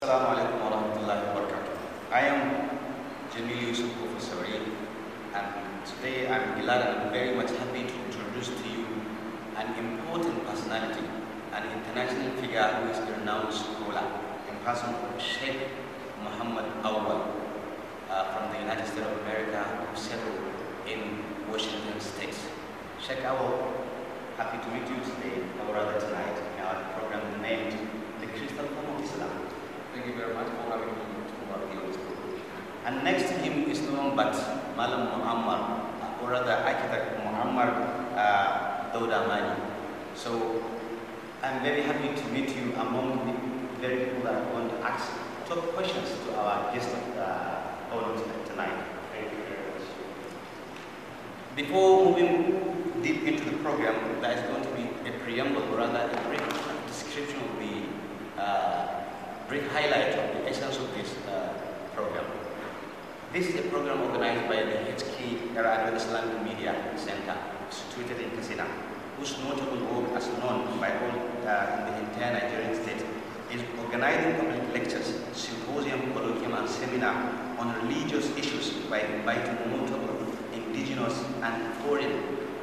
Assalamu alaikum warahmatullahi wabarakatuh. I am Jamil Yusuf Professor and today I'm glad and very much happy to introduce to you an important personality, an international figure who is a renowned scholar in person of Sheikh Muhammad Awal uh, from the United States of America who settled in Washington State. Sheikh Awal, happy to meet you today, or rather tonight. Muhammad, Malam Muhammad, or rather architect Muhammad uh, Daudamani. So I'm very happy to meet you among the very people that I want to ask top questions to our guest of uh, tonight. Thank you very much. Before moving deep into the program, there is going to be a preamble, or rather a brief description of the uh, brief highlight of the essence of this uh, program. This is a program organized by the HK Radio Islamic Media Center, situated in Kasina, whose notable work as known by all uh, in the entire Nigerian state is organizing public lectures, symposium, colloquium, and seminar on religious issues by inviting notable indigenous and foreign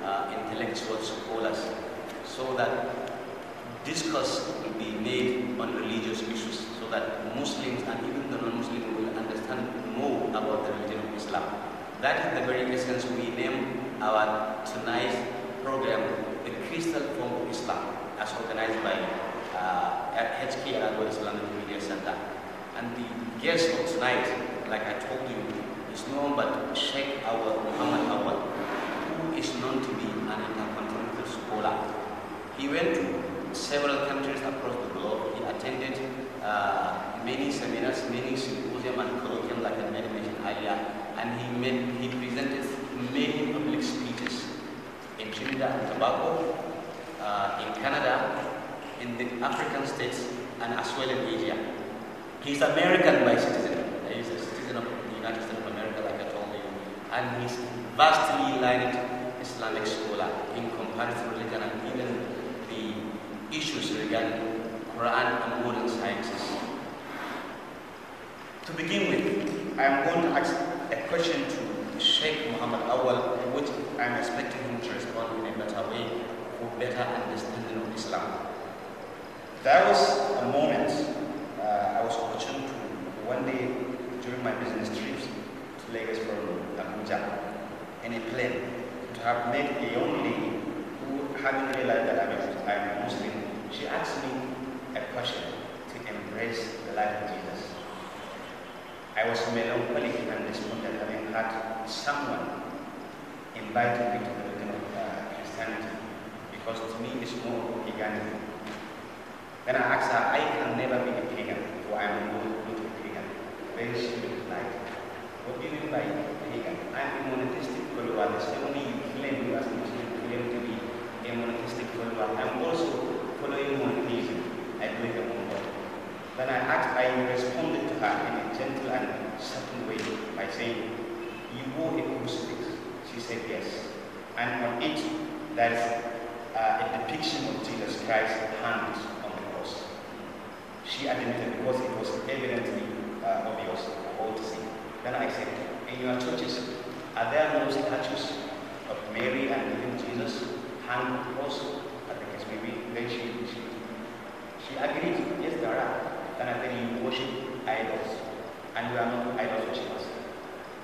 uh, intellectual scholars so that discourse will be made on religious issues so that Muslims and even the non-Muslims will understand about the religion of Islam. That is the very essence we name our tonight's program, The Crystal Form of Islam, as organized by uh, HK Al Islamic Media Center. And the guest of tonight, like I told you, is no one but Sheikh Awad Muhammad Awad, who is known to be an intercontinental scholar. He went to several countries across the globe. He attended uh, many seminars, many symposiums, and colloquium like I mentioned and he made, he presented many public speeches in Trinidad and Tobago, uh, in Canada, in the African states, and as well in Asia. He's American by citizen. He's a citizen of the United States of America, like I told you, and he's vastly learned Islamic scholar in comparative religion and even the issues regarding Quran and modern sciences. To begin with, I am going to ask a question to Sheikh Muhammad Awal, which I am expecting him to respond in a better way for better understanding of Islam. There was a moment uh, I was fortunate to one day during my business trips to Lagos from Abuja in a plane to have met a young lady who having realized that I'm a Muslim, she asked me a question to embrace the life of Jesus. I was melancholic and despondent having had someone inviting me to the religion of uh, Christianity because to me it's more paganism. Then I asked her, I can never be a pagan, for I am not, not a pagan. Then she replied, What do you mean by pagan? I am a monotheistic follower, the same way you claim you as Muslim claim to be a monotheistic follower. I am also following monotheism. I believe in monotheism. Then I asked, I responded to her in a gentle and certain way by saying, You wore a crucifix. She said, Yes. And on it, there is uh, a depiction of Jesus Christ's hands on the cross. She admitted because it was evidently uh, obvious for all to see. Then I said, In your churches, are there no statues of Mary and even Jesus hanged on the cross? I think it's maybe. Then she, she, she agreed, Yes, there are then and then you worship idols. And we are not idol worshippers.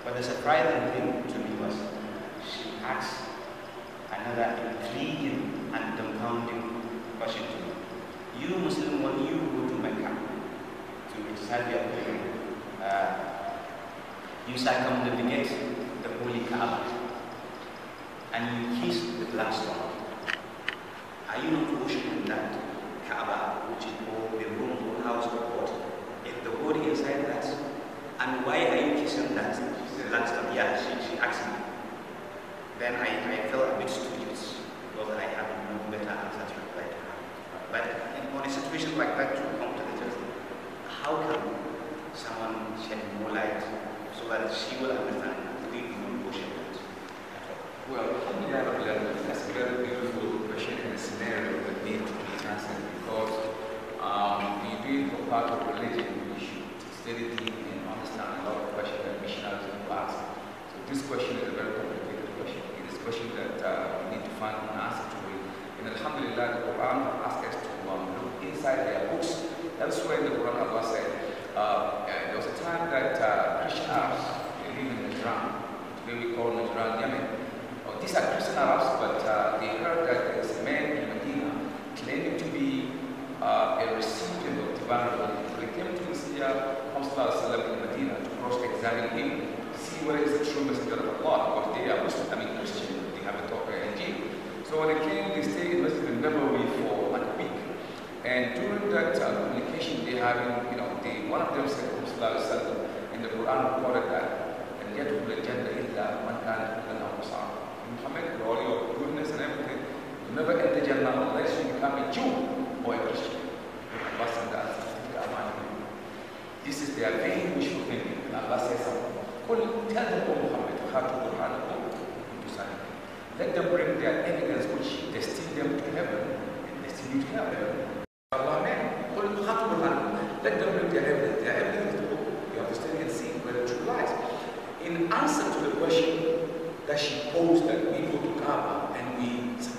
But the surprising thing to me was she asked another intriguing and dumbfounding question to me. You Muslim, when you go to Mecca to recite your pilgrimage, uh, you circumnavigate the holy Kaaba and you kiss the glass stone. Are you not worshiping that? Kaaba, which is called the room or house of God, if the body inside that, and why are you kissing that? She said, yeah, she, she asked me. Then I, I felt a bit stupid because I had no better answer to reply to her. But in, on a situation like that, to come to the truth, how can someone shed more light so that she will understand the of emotion that? Well, yeah, that's a very beautiful question and scenario that needs because um, we do for part of religion. We should study and understand a lot of questions that missionaries have asked. So this question is a very complicated question. It is a question that uh, we need to find an answer to it. And Alhamdulillah, the Quran asks us to um, look inside their books. Elsewhere in the Quran, Allah said, uh, uh there was a time that uh, Krishna ten naród jest become a Jew or a Christian. This is their vain wishful thinking. And Allah says something. Tell them, O Muhammad, Hatu Let them bring their evidence which destine them to heaven and destine you to heaven. Let them bring their evidence. Their evidence is the book. You have to study and see where the truth lies. In answer to the question that she posed that we go to Kaaba and we, some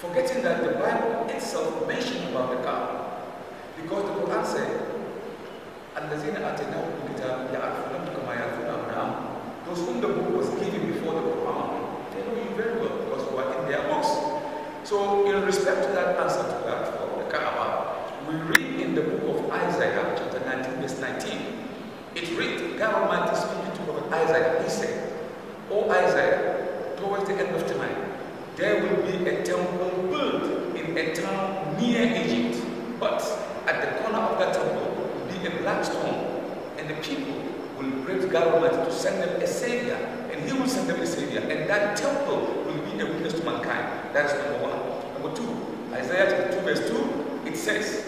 forgetting that the Bible itself mentioned about the cow. Because the Quran said, Those whom the book was given before the Quran, they know you very well because you are in their books. So in respect to that answer to that for the Kaaba, we read in the book of Isaiah, chapter 19, verse 19, it reads, God Almighty speaking to Isaiah, he said, O Isaiah, towards the end of time, there will be a temple built in a town near Egypt. But at the corner of that temple will be a black stone, and the people will break government to send them a savior, and he will send them a savior, and that temple will be a witness to mankind. That is number one. Number two, Isaiah 2 verse 2, it says,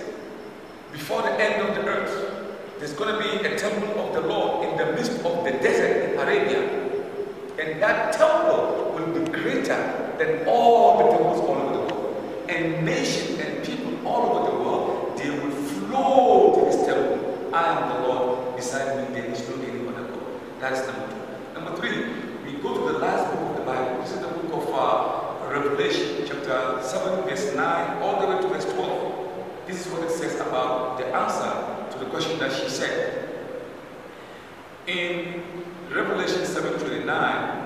Before the end of the earth, there's going to be a temple of the Lord in the midst of the desert in Arabia. And that temple greater than all the temples all over the world. And nations and people all over the world, they will flow to this temple. I am the Lord, beside me there is no any other God. That is number two. Number three, we go to the last book of the Bible. This is the book of uh, Revelation, chapter 7, verse 9, all the way to verse 12. This is what it says about the answer to the question that she said. In Revelation 7 29,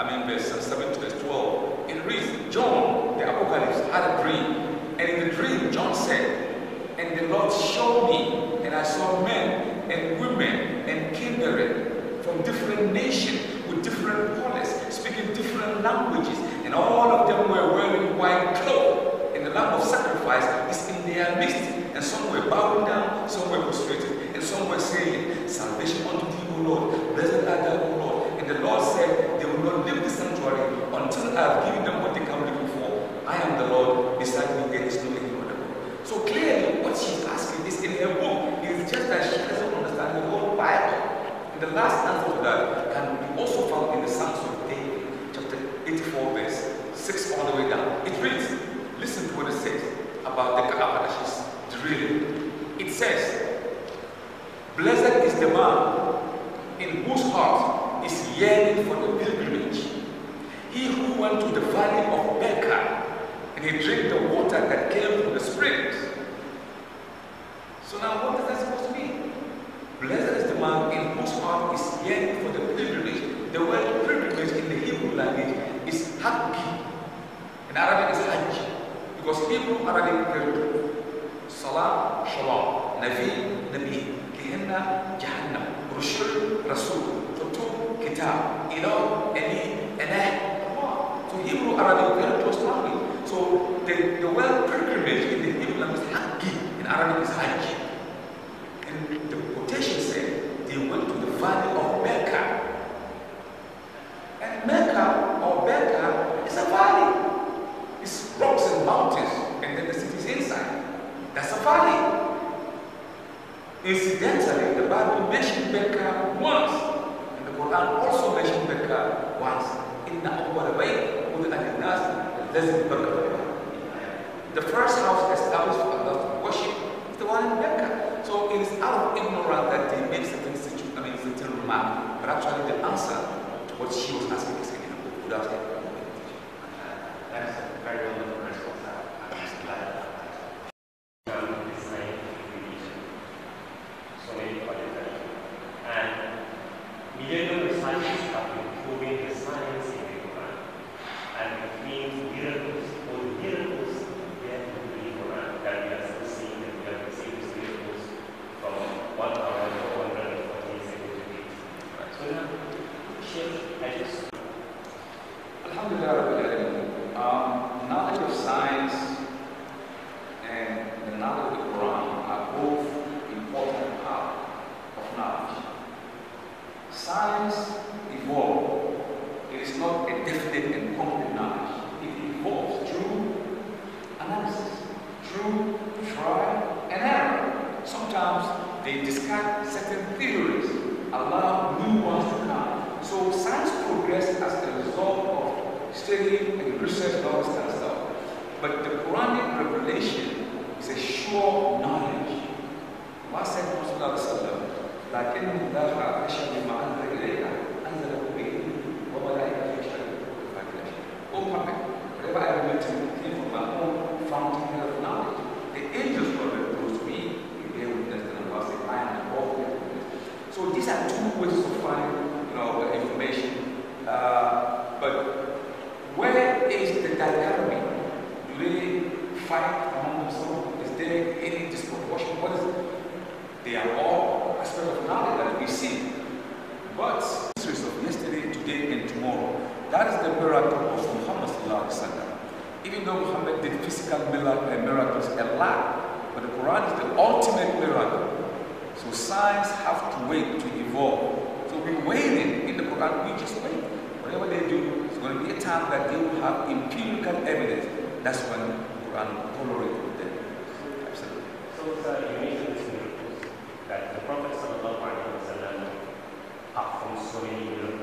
I mean, verse 7 to verse 12, it reads, John, the apocalypse, had a dream. And in the dream, John said, And the Lord showed me, and I saw men and women and kindred from different nations with different colors, speaking different languages, and all of them were wearing white clothes. And the lamb of sacrifice is in their midst. And some were bowing down, some were prostrated, and some were saying, Salvation unto thee, O Lord, blessed art thou, O Lord. And the Lord said, will not leave the sanctuary until I have given them what they come looking for. I am the Lord, beside me there is no any other. So clearly, what she's asking is in her book, it is just that she doesn't understand the whole Bible. And the last answer to that can be also found in the Psalms of David, chapter 84, verse 6 all the way down. It reads, listen to what it says about the Kaaba that she's drilling. It says, Blessed is the man the valley of Becca, and he drank the water that came from the springs. So now what is that supposed to mean? Blessed is the man in whose heart is yearning for the pilgrimage. The word pilgrimage in the Hebrew language is haki. In Arabic is hajj. Because Hebrew, Arabic, Hebrew. Salah, shalom. Nabi, Nabi. Gehenna, Jahannam. Rushul, Rasul. Kutub, Kitab. Ilo, Eli, Elah, Hebrew, Arabic, very close language. So the, the word pilgrimage in the Hebrew language is hajj, in Arabic is hajj. And the quotation said they went to the valley of Mecca. And Mecca or Mecca is a valley. It's rocks and mountains, and then the city is inside. That's a valley. Incidentally, the Bible mentioned Mecca once, and the Quran also mentioned Mecca once. In the way. يكون أن الناس لازم يبركوا The first house established a lot of worship is the one in Mecca. So it is out of ignorance that they make certain, situ- I mean, certain remark, but actually the answer to what she was asking is again without They discard certain theories, allow new ones to come. So science progressed as a result of studying and research all this stuff. But the Quranic revelation is a sure knowledge. Why said Muslim like in Allah, always to find, you know, information. Uh, but where is the dichotomy? Do they fight among themselves? Is there any disproportion? What is it? They are all aspects of knowledge that we see. But histories of yesterday, today, and tomorrow. That is the miracle of Muhammad Even though Muhammad did physical uh, miracles a lot, but the Quran is the ultimate miracle. So science have to wait to evolve. So we're waiting in the Quran, we just wait. Whatever they do, it's going to be a time that they will have empirical evidence. That's when the Quran tolerate them. Absolutely. So uh, you mentioned this in that the Prophet apart from so many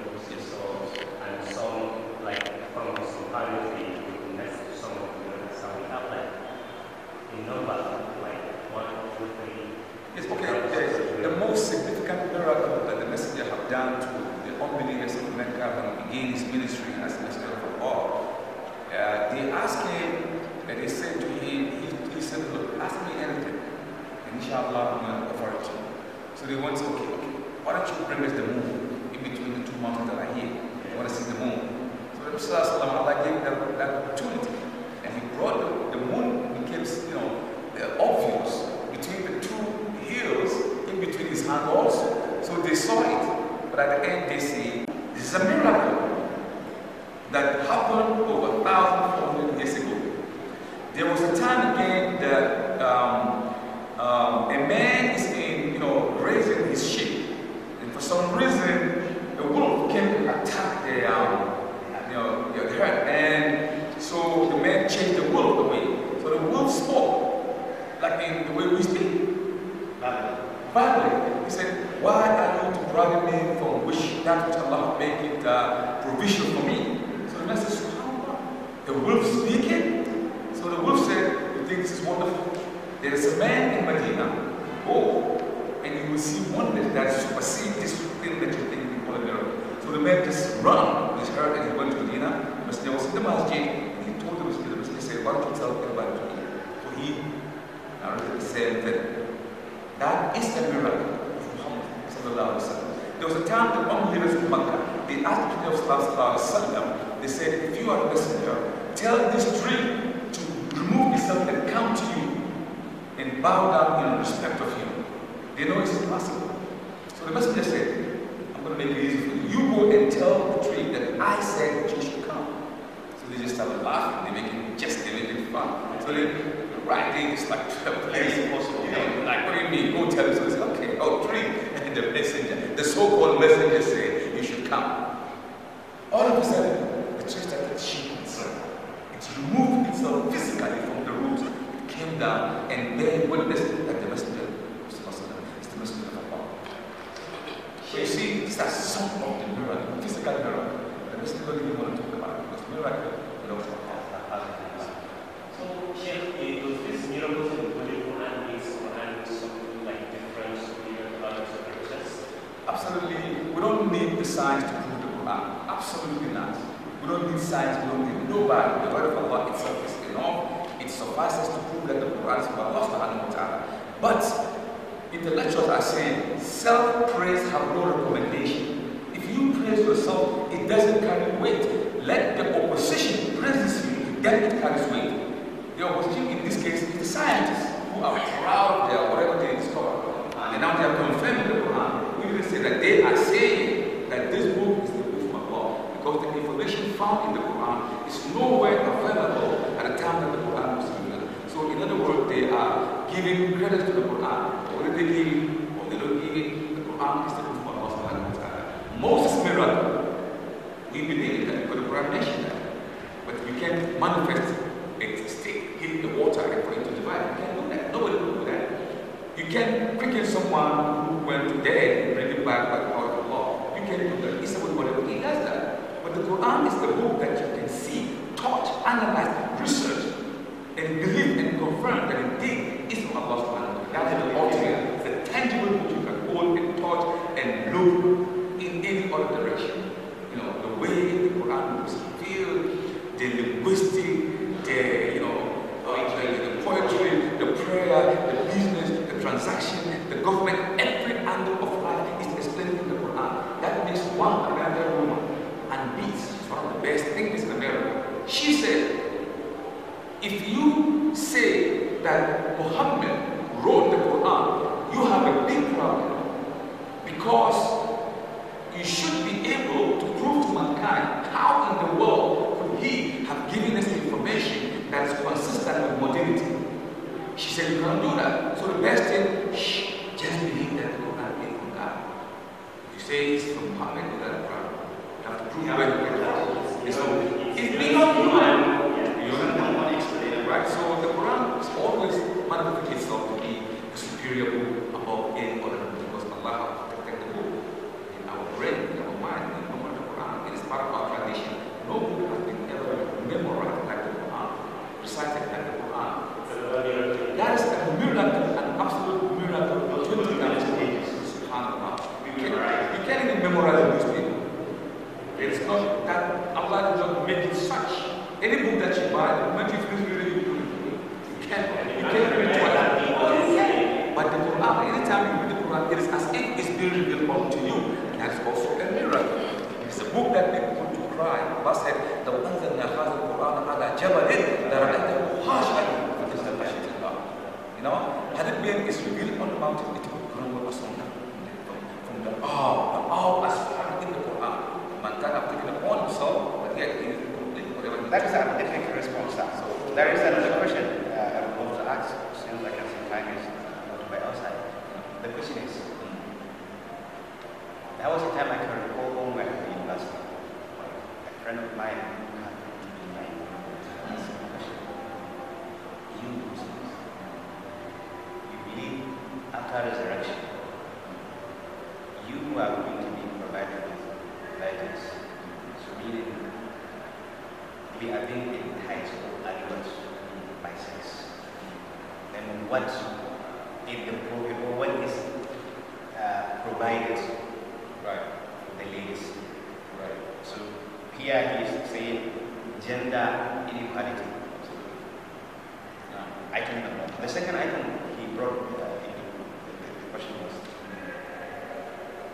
down to the unbelievers of Mecca when he began his ministry as the Messenger of Allah. Uh, they asked him, and they said to him, he, he said, look, ask me anything, and inshallah I'm going to offer it to you. So they went, okay, okay, why don't you bring us the moon in between the two mountains that are here? I want to see the moon. So the Prophet Allah gave them that opportunity, and he brought the, the moon became, you know, obvious between the two hills, in between his hand also. So they saw like NDC, this is a miracle that happened over 1,400 years ago. There was a time again that um, um, a man is in, you know, raising his sheep, and for some reason man in Medina, go and you will see wonders that supersede this thing that you think in call a So the man just ran this earth and he went to Medina. Messenger was in the masjid and he told the Messenger, the he said, Why don't you tell everybody to eat? So he narrated the same thing. That is the miracle of Muhammad. There was a time that unbelievers in Mecca, they asked the Prophet, they said, If you are a messenger, tell this dream." and bow down in respect of him. They know it's impossible. So the messenger said, I'm going to make it easy for you. You go and tell the tree that I said you should come. So they just started laughing. They make it just, they make it fun. So they, the writing is like the place possible. You know, like, what do you mean? Go tell him. So they said, okay, oh, tree. And the messenger, the so-called messenger said, need the science to prove the Quran. Absolutely not. We don't need science, we don't need nobody. The word of Allah itself is enough. It suffices to prove that the Quran is from Allah subhanahu wa ta'ala. But intellectuals are saying self-praise have no recommendation. If you praise yourself, it doesn't carry weight. Let the opposition praise you, then it carries weight. The opposition in this case is the scientists who are proud of their whatever can manifest it, stick, hit the water and for it to divide. You can not do that. Nobody can do that. You can quicken someone who went dead and bring him back by the power of the law. You can do that. It's about whatever he does that. But the Quran is the book that you can see, taught, analyze, research, and believe and confirm that indeed it's from Allah That's the ultimate. that Muhammad wrote the Quran, you have a big problem. Because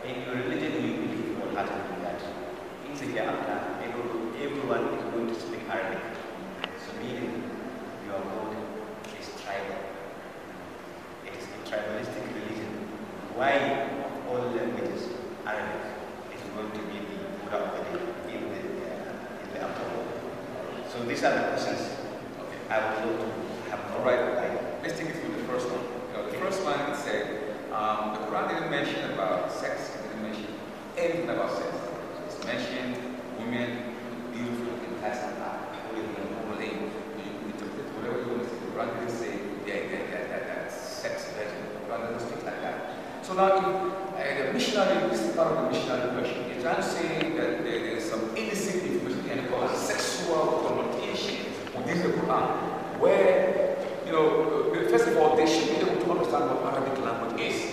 in your religion you believe wholeheartedly that in the after everyone is going to speak Arabic. So meaning your God is tribal. It is a tribalistic religion. Why of all languages Arabic is going to be the Buddha of the day in the, uh, in the afterworld? So these are the questions trying to say that there is some insignificant and cause sexual connotation within the Quran, where, you know, uh, uh, first of all, they should be able to understand what Arabic language is.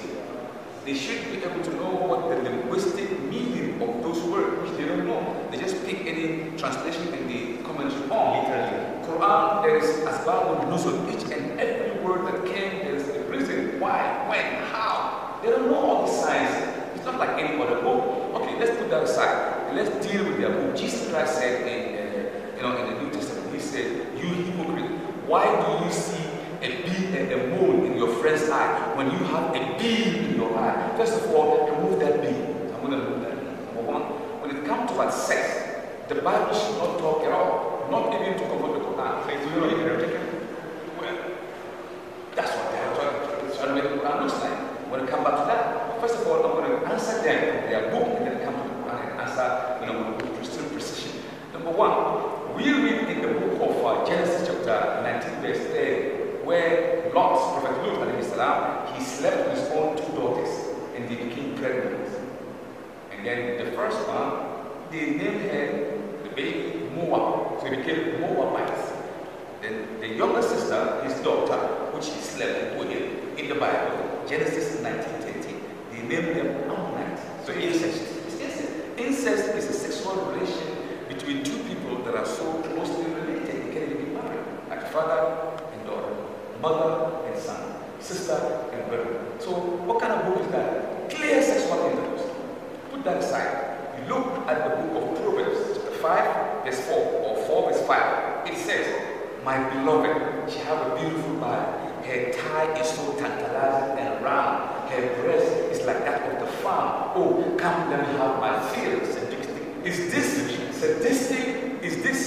They should be able to know what the linguistic meaning of those words, which they don't know. They just pick any translation when you have a beam in your eye, first of all, remove that beam. I'm going to remove that Number one, when it comes to access, the Bible should not talk at all, not even to convert the Quran. Say, do you Well, that's what they are trying to make i Quran not understand. When it comes back to that, first of all, I'm going to answer them first one, they named her the baby Moab. he became Moabites. Then the younger sister, his daughter, which he slept with in the Bible, Genesis 19:13, they named them Ammonites. So incest. incest. Incest is a sexual relation between two people that are so closely related they can't even be married, like father and daughter, mother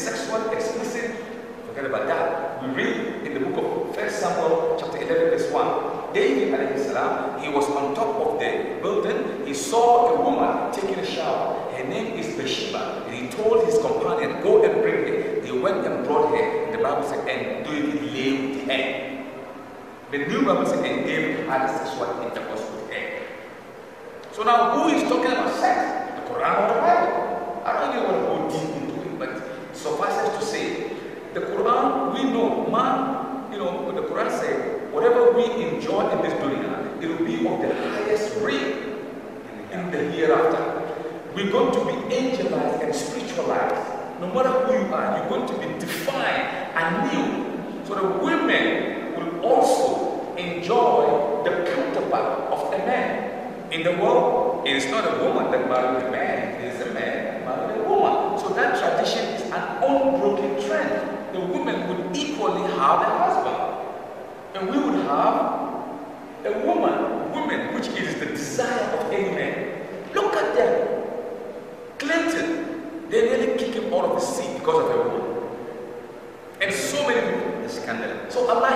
sexual explicit. Forget about that. We read in the book of First Samuel chapter 11 verse 1. David alayhi salam, he was on top of the building. He saw a woman taking a shower. Her name is Bathsheba. And he told his companion, go and bring her. They went and brought her. the Bible said, and David lay with her. The new Bible said, and David had sexual intercourse with her. So now who is talking about sex? The Quran or the Bible? I don't even want to go deep Suffice it to say, the Quran, we know, man, you know, the Quran said, whatever we enjoy in this dunya, it will be of the highest rate in the hereafter. We're going to be angelized and spiritualized. No matter who you are, you're going to be defined anew. So the women will also enjoy the counterpart of the man. In the world, it is not a woman that married a man, it is a man married a woman. So that tradition an unbroken trend. The women would equally have a husband. And we would have a woman, women, which is the desire of any man. Look at them. Clinton, they nearly kick him out of the seat because of a woman. And so many people. Scandal. So Allah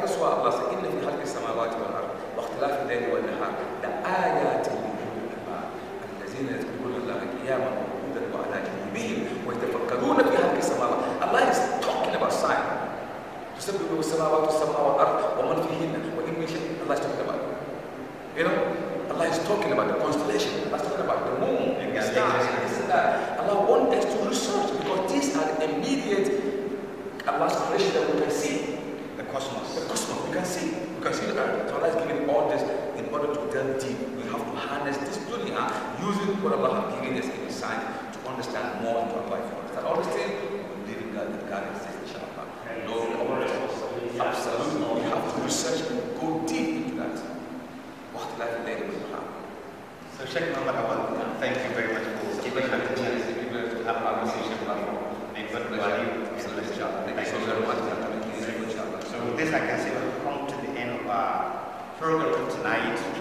درسوا رسول الله إن في خلق السماوات والأرض واختلاف الليل والنهار لآيات الالباب الذين يذكرون الله قياما وقعودا وعلى جنوبهم ويتفكرون في خلق السماوات الله is talking about science تسبح السماوات والسماوات program tonight